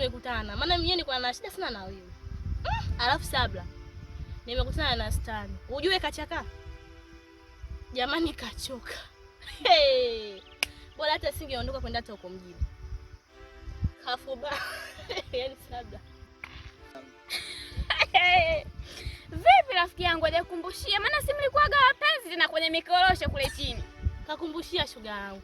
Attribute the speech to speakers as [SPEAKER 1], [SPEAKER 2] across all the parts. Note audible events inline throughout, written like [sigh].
[SPEAKER 1] tumekutana, maana mwenyewe niko na shida sana na wewe mm. Alafu Sabla nimekutana na Stani, ujue kachaka jamani, kachoka [laughs] hey. Bora hata singeondoka kwenda hata huko mjini kafuba [laughs] yaani Sabla [laughs] Vipi rafiki yangu, hajakumbushia? Maana si mlikuwaga wapenzi tena kwenye mikorosho kule chini? Kakumbushia shoga yangu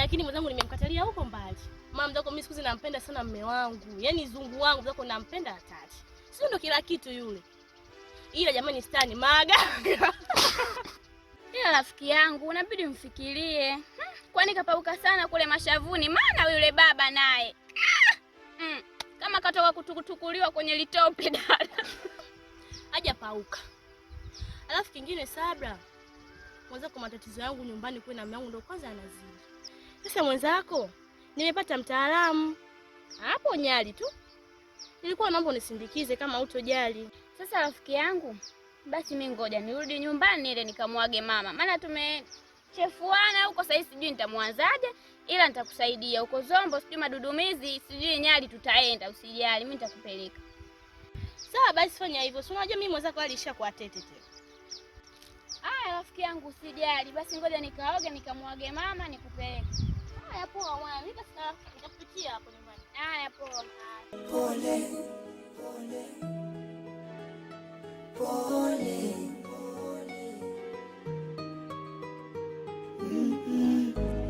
[SPEAKER 1] lakini mwenzangu nimemkatalia huko mbali. Mama mzako mimi siku hizi nampenda sana mume wangu, yaani zungu wangu mzako nampenda hatari, sio ndo kila kitu yule, ila jamani stani maga ila rafiki yangu unabidi mfikirie, hmm, kwani kapauka sana kule mashavuni, maana yule baba naye hmm, kama katoka kutukutukuliwa kwenye litope dada pauka. Alafu kingine Sabra, mwanzo kwa matatizo yangu nyumbani, kuwe na mume wangu ndo kwanza anazidi sasa mwenzako, nimepata mtaalamu hapo Nyali tu, nilikuwa naomba unisindikize kama utojali. Sasa rafiki yangu, basi mi ngoja nirudi nyumbani ile nikamwage mama, maana tumechefuana huko sasa, hivi sijui nitamwanzaje, ila nitakusaidia huko Zombo, sijui madudumizi, sijui Nyali, tutaenda usijali, mi nitakupeleka. Sawa, basi fanya hivyo, si unajua mimi mwenzako alisha kwa tete tete. Aya rafiki yangu, usijali, basi ngoja nikaoge nikamwage mama, nikupeleke. Haya, poa mwana, nipe sasa, nitakupikia hapo nyumbani. Haya, poa. Pole pole pole pole. Mm-hmm.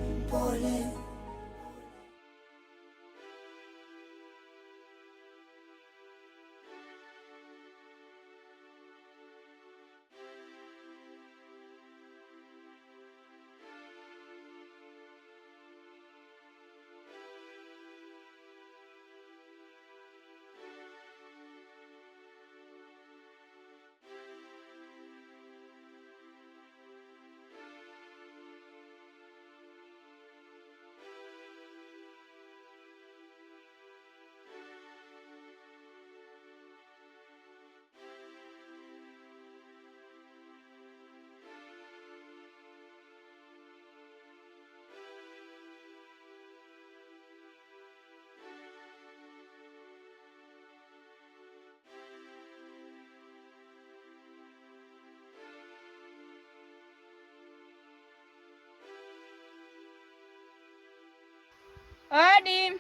[SPEAKER 2] Hadi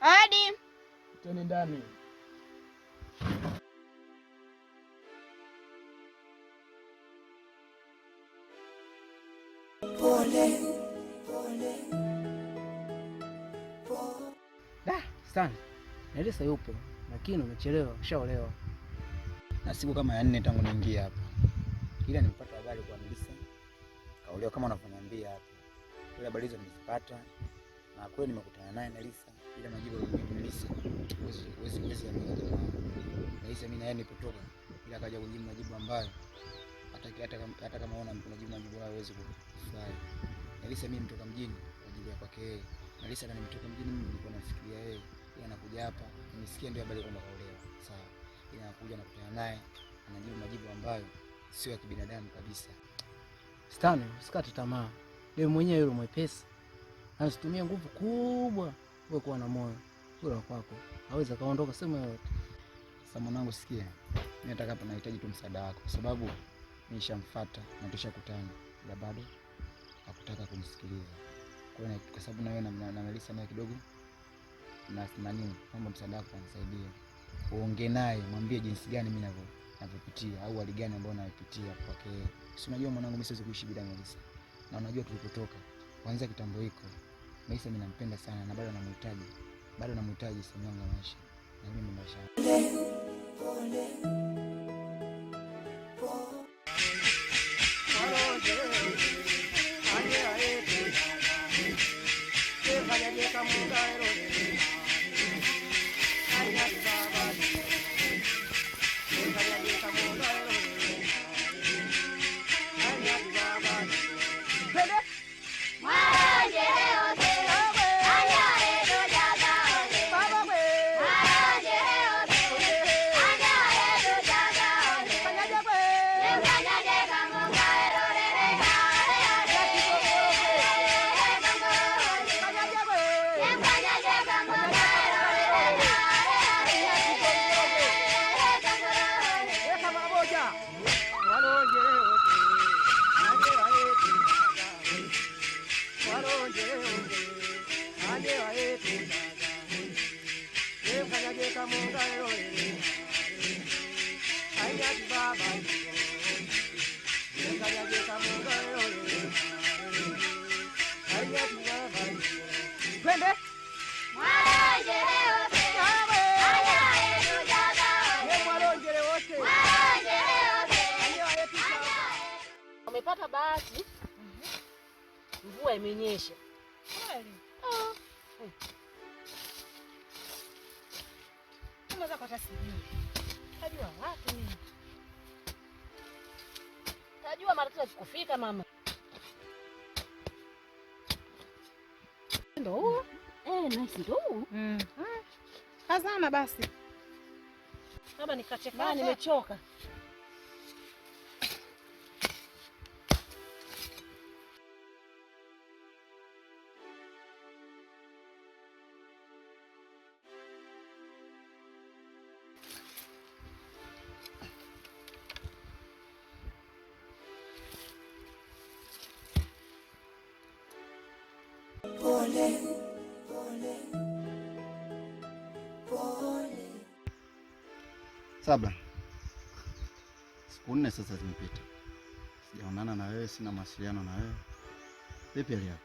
[SPEAKER 2] hadi,
[SPEAKER 3] teni ndani. Pole pole pole. Da sana Nelisa yupo, lakini umechelewa, ushaolewa. Na siku kama ya nne tangu niingia hapa, ila nimepata habari kwa Nelisa kaolewa kama unavyoniambia hapa. Ile habari hizo nimezipata na kweli nimekutana naye na Melissa, ila majibu Melissa wezi wezi wezi ameja Melissa, mimi na yeye nipotoka, ila akaja kujibu majibu ambayo hata hata kama hata kama unaona majibu majibu hayo hawezi kufurahi Melissa. Mimi mtoka mjini kwa ajili ya kwake yeye Melissa, kana mtoka mjini mimi nilikuwa nafikiria yeye, yeye anakuja hapa, nimesikia ndio habari kwamba kaolewa. Sawa, ila anakuja nakutana naye anajibu majibu ambayo sio ya kibinadamu kabisa. Stani, usikate tamaa, leo mwenyewe yule mwepesi asitumia nguvu kubwa, wewe kuwa na moyo ule kwako, hawezi kaondoka sema yote. Sasa mwanangu, sikia, mimi nataka hapa, nahitaji tu msaada wako, kwa sababu nishamfuata na tushakutana, ila bado hakutaka kunisikiliza. Kwa hiyo kwa sababu na wewe na Melissa naye kidogo na nini, naomba msaada wako, nisaidie, uongee naye, mwambie jinsi gani mimi navyo navyopitia au hali gani ambayo naipitia kwake. Si unajua mwanangu, mimi siwezi kuishi bila Melissa, na unajua tulipotoka kuanzia kitambo hiko Maisha mimi nampenda sana na bado namhitaji, bado namhitaji sehemu yangu ya maisha na mimi maisha
[SPEAKER 1] Nimepata bahati mhm. mvua imenyesha kweli. Tajua wapi Tajua matatizo yakikufika mama. Ndio huo. Mhm. Eh, nice ndio huo. Mm. Kazana basi. Kama nikachekaa nimechoka.
[SPEAKER 3] pole, pole, pole. Saba, siku nne sasa zimepita, sijaonana na wewe, sina mawasiliano na wewe. Vipi hali yako?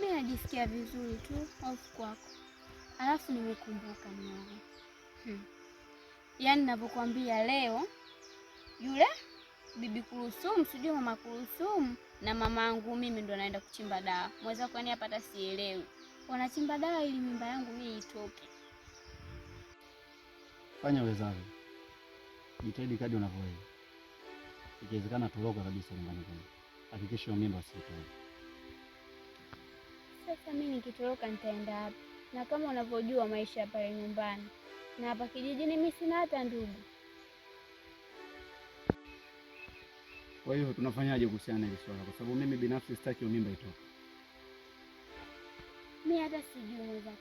[SPEAKER 4] Mimi najisikia vizuri tu, hofu kwako. Alafu nimekumbuka mwana hmm. Yaani navyokuambia leo, yule bibi Kurusumu, sijui mama Kurusumu na mamangu mimi ndo naenda kuchimba dawa. Mweza kwani hapa hata sielewi. Wanachimba dawa ili mimba yangu mimi itoke.
[SPEAKER 3] Fanya uwezavyo. Jitahidi kadi unavyoweza. Ikiwezekana toroka kabisa nyumbani kwenu. Hakikisha mimba asitoke.
[SPEAKER 4] Sasa mimi nikitoroka nitaenda hapa. Na kama unavyojua maisha pale nyumbani na hapa kijijini mimi sina hata ndugu.
[SPEAKER 3] Kwa hiyo tunafanyaje kuhusiana na hili swala, kwa sababu mimi binafsi sitaki mimba itoke.
[SPEAKER 4] Mi hata sijui mwenzako,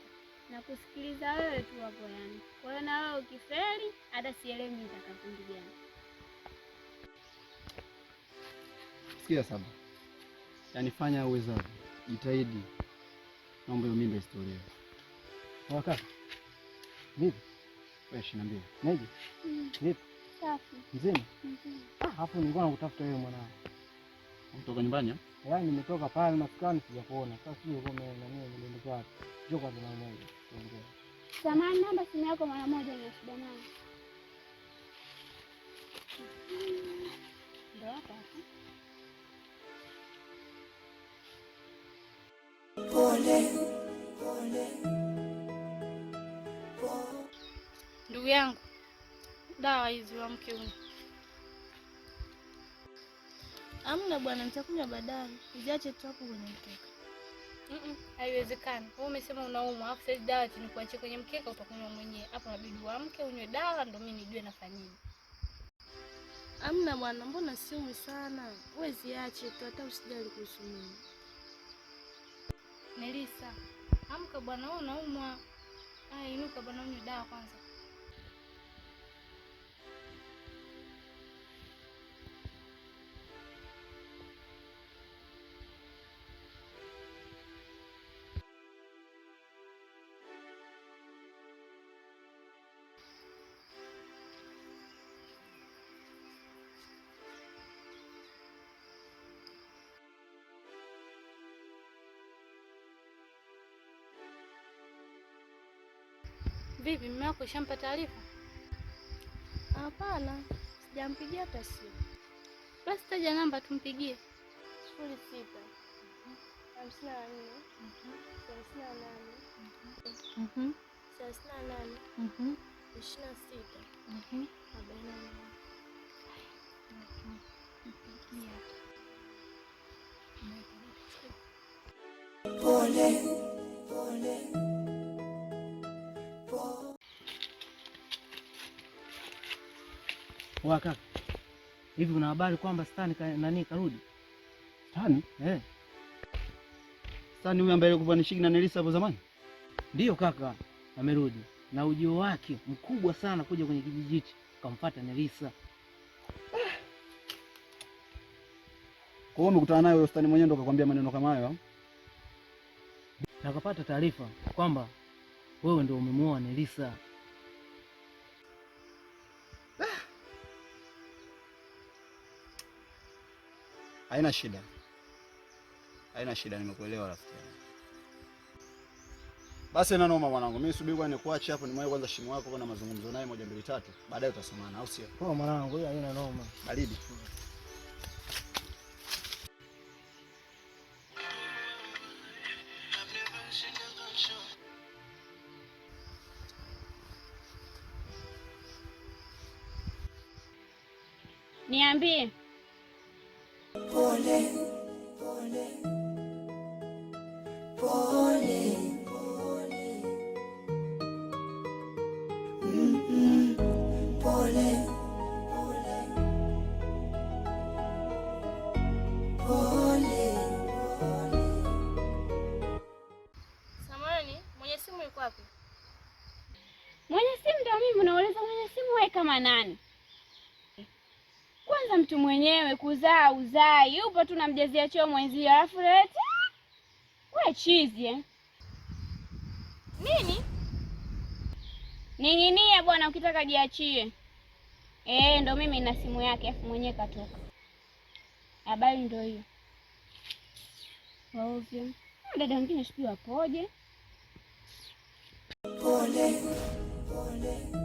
[SPEAKER 4] na kusikiliza wewe tu hapo yani. Kwa hiyo na wewe ukifeli, hata sielewi mimi nitakakundi gani.
[SPEAKER 3] Sikia Saba, yaani fanya uwezavyo, jitahidi, naomba hiyo mimba isitolewe. Wakati vipi? Wewe na mbili naje vipi? Mzima? Ah, hapo nilikuwa nakutafuta wewe mwanangu. Kutoka nyumbani? Eh, yaani nimetoka pale maskani sijakuona. Sasa si kwa mimi na mimi nilienda wapi? Njoo kwa mama moja.
[SPEAKER 4] Samahani, namba simu yako mara moja, ni shida nani?
[SPEAKER 2] dawa hizi wamke huyu. Amna bwana, nitakunywa baadaye, uziache tu hapo kwenye mkeka.
[SPEAKER 1] haiwezekani. Wewe umesema unaumwa, afu sasa dawa tinikuache kwenye mkeka utakunywa mwenyewe. Hapo inabidi uamke unywe dawa ndio mimi nijue nafanyaje.
[SPEAKER 2] Amna bwana, mbona siumi sana? Wewe ziache tu, hata usijali kuhusu mimi.
[SPEAKER 1] Melissa, amka bwana, wewe unaumwa. Ah, inuka bwana, unywe dawa kwanza.
[SPEAKER 2] Vipi, mume wako ishampa taarifa?
[SPEAKER 4] Hapana, sijampigia hata simu.
[SPEAKER 2] Basi taja namba tumpigie.
[SPEAKER 4] sifuri sita hamsini na nne thelathini na nane mhm. thelathini na nane mhm. ishirini na sita mhm. arobaini na nane. Pole
[SPEAKER 3] pole Wa kaka, hivi una habari kwamba Stani ka, nani karudi? Stani? Eh. Stani huyu ambaye alikuwa shiki na Nelisa hapo zamani? Ndiyo kaka, amerudi na ujio wake mkubwa sana kuja kwenye kijiji hichi kamfuata Nelisa. Ah. Kwa hiyo umekutana naye Stani mwenyewe ndo akakwambia maneno kama hayo? Nakapata taarifa kwamba wewe ndio umemuoa Nelisa. Haina shida, haina shida, nimekuelewa rafiki yangu. Basi na noma mwanangu, mimi subiri kwanza nikuache hapo, nimwaje kwanza shimu wako na mazungumzo naye moja mbili tatu, baadaye utasomana, au sio? Poa oh, mwanangu, hiyo haina noma. Baridi.
[SPEAKER 2] Niambie pole, pole, pole, pole. Mm -mm, pole, pole, pole, pole. Samani, mwenye simu yuko wapi?
[SPEAKER 1] Mwenye simu ndio mimi, unauliza mwenye simu wewe kama kwanza mtu mwenyewe kuzaa uzai, yupo tu namjazia cheo mwenzio, alafu lete we chizi eh. Nini ning'inia bwana, ukitaka jiachie. Eh, ndo mimi na simu yake, afu mwenyewe katoka. Habari ndo hiyo waovyo. Ah, dada wengine sijui wapoje. Pole pole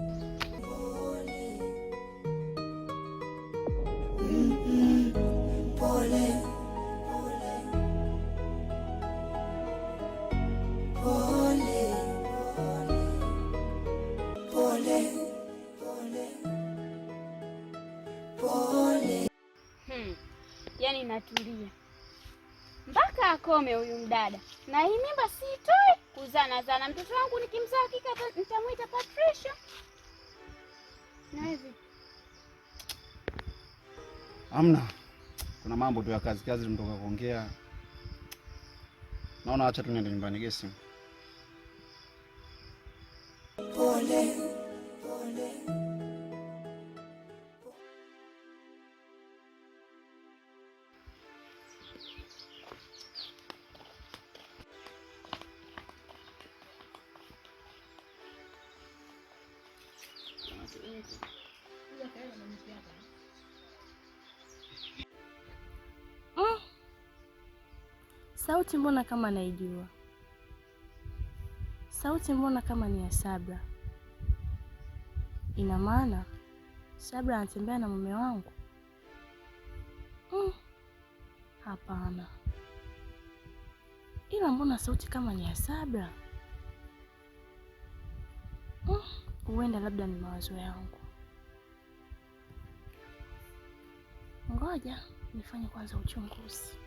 [SPEAKER 1] mkome huyu mdada, na hii mimba sitoi kuzana zana. Mtoto wangu nikimzaa hakika nitamwita Patricia. Na hivi
[SPEAKER 3] amna, kuna mambo tu ya kazi kazi tumetoka kuongea. Naona acha tuniende nyumbani gesi. Pole pole.
[SPEAKER 1] Sauti mbona kama naijua, sauti mbona kama ni ya Sabra. Ina maana Sabra anatembea na mume wangu? Mm, hapana. Ila mbona sauti kama ni ya Sabra? Mm, huenda labda ni mawazo yangu. Ngoja nifanye kwanza uchunguzi.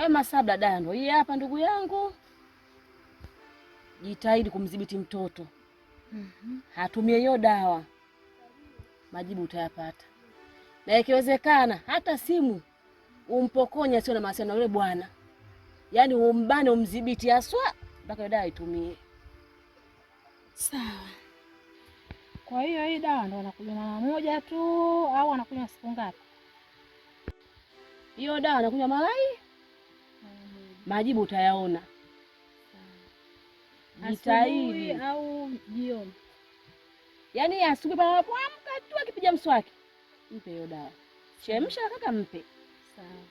[SPEAKER 1] We masaa bladando, hii hapa ndugu yangu, jitahidi kumdhibiti mtoto mm -hmm. hatumie hiyo dawa, majibu utayapata, na ikiwezekana hata simu umpokonya, sio na mawasiliano yule bwana, yaani umbane, umdhibiti haswa mpaka dawa itumie. Sawa. Kwa hiyo hii dawa ndo anakunywa mara moja tu au anakunywa siku ngapi? Hiyo dawa anakunywa mara hii majibu utayaona. Jitahidi au jioni, yaani asubuhi pale tu, akipiga mswaki mpe hiyo dawa, chemsha kaka, mpe sawa.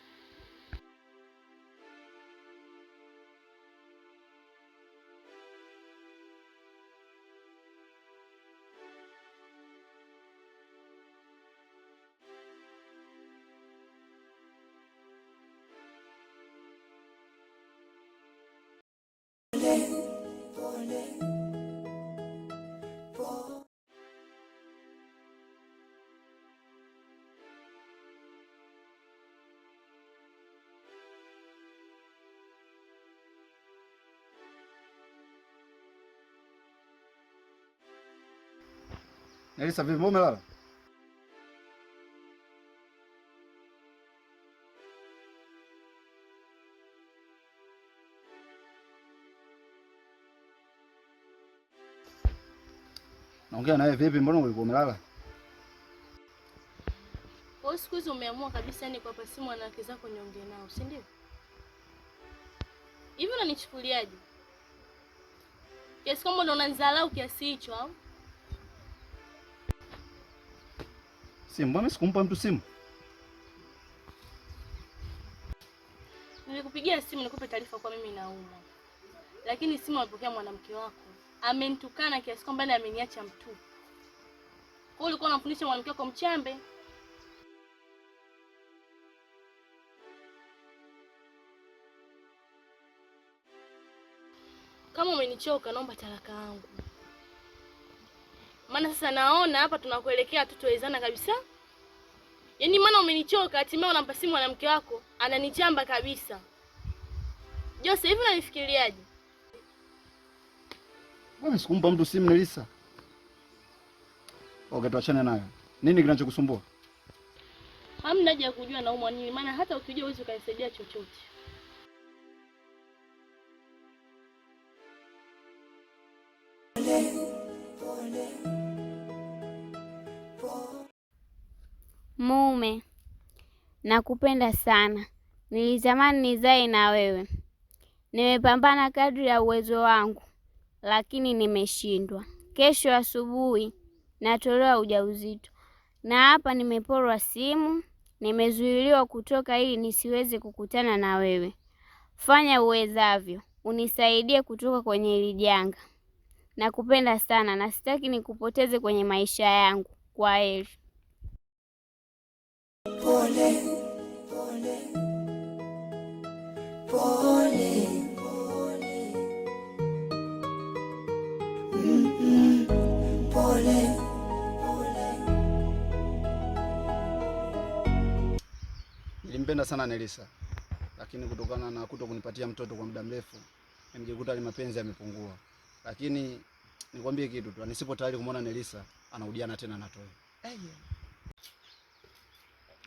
[SPEAKER 3] Elisa, vipi umelala? Naongea nawe vipi, mbona ulikuwa umelala?
[SPEAKER 1] Wewe siku hizi umeamua kabisa ni kwamba si mwanawake zako niongee nao, si ndio? Hivi unanichukuliaje? Kiasi kwamba ndo unanidharau kiasi hicho au?
[SPEAKER 3] simu? Mbona sikumpa mtu simu?
[SPEAKER 1] Nilikupigia simu nikupe taarifa kwa mimi nauma, lakini simu amepokea mwanamke wako, amenitukana kiasi kwamba ndiye ameniacha mtu Kwa hiyo ulikuwa unamfundisha mwanamke wako mchambe. Kama umenichoka, naomba talaka yangu. Maana sasa naona hapa tunakuelekea tutoezana kabisa. Yaani maana umenichoka, hatimaye unampa simu mwanamke wako, ananichamba kabisa. Jose, hivi unanifikiriaje?
[SPEAKER 3] Mbona sikumpa mtu simu Nelisa. Okay, tuachane nayo. Nini kinachokusumbua?
[SPEAKER 1] Hamna haja ya kujua naumwa nini, maana hata ukijua huwezi ukanisaidia chochote.
[SPEAKER 4] nakupenda sana. Nilitamani nizae na wewe. Nimepambana kadri ya uwezo wangu, lakini nimeshindwa. Kesho asubuhi natolewa ujauzito, na hapa nimeporwa simu, nimezuiliwa kutoka ili nisiweze kukutana na wewe. Fanya uwezavyo unisaidie kutoka kwenye hili janga. Nakupenda sana na sitaki nikupoteze kwenye maisha yangu. kwa heli pole, pole, pole, pole.
[SPEAKER 3] Mm-hmm. pole, pole. Nilimpenda sana Nelisa lakini kutokana na kuto kunipatia mtoto kwa muda mrefu nimejikuta ni mapenzi yamepungua, lakini nikwambie kitu tu, nisipo tayari kumwona Nelisa anarudiana tena na Toyo.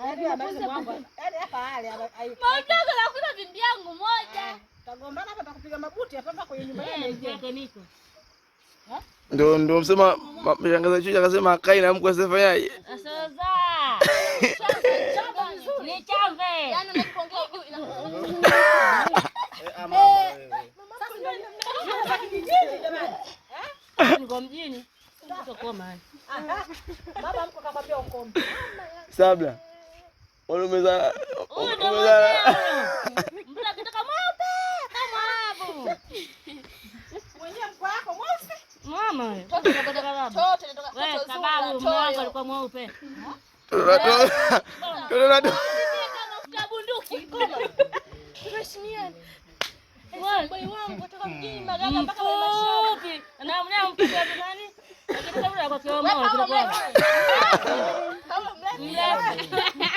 [SPEAKER 5] Yaani yaani yaani nakuta bindi yangu moja ah,
[SPEAKER 6] eh, ndo ndo msema shangazi Chuchu akasema Kai na mkwe asifanyaje? Eh, eh, Sabla Unameza.
[SPEAKER 5] Unameza. Mbona kitaka mwamba? Kama hapo. Mwenye mko hapo mweusi? Mama. Toto kutoka baba. Toto kutoka baba. Wewe sababu mwangu alikuwa mweupe.
[SPEAKER 6] Toto. Toto. Toto. Mafuta bunduki. Tuheshimiane. Boy wangu kutoka hmm. mjini Magaga mpaka wewe mashauri. Na mnao mpiga nani? Akitaka kwa kioo mmoja. Kama mlani.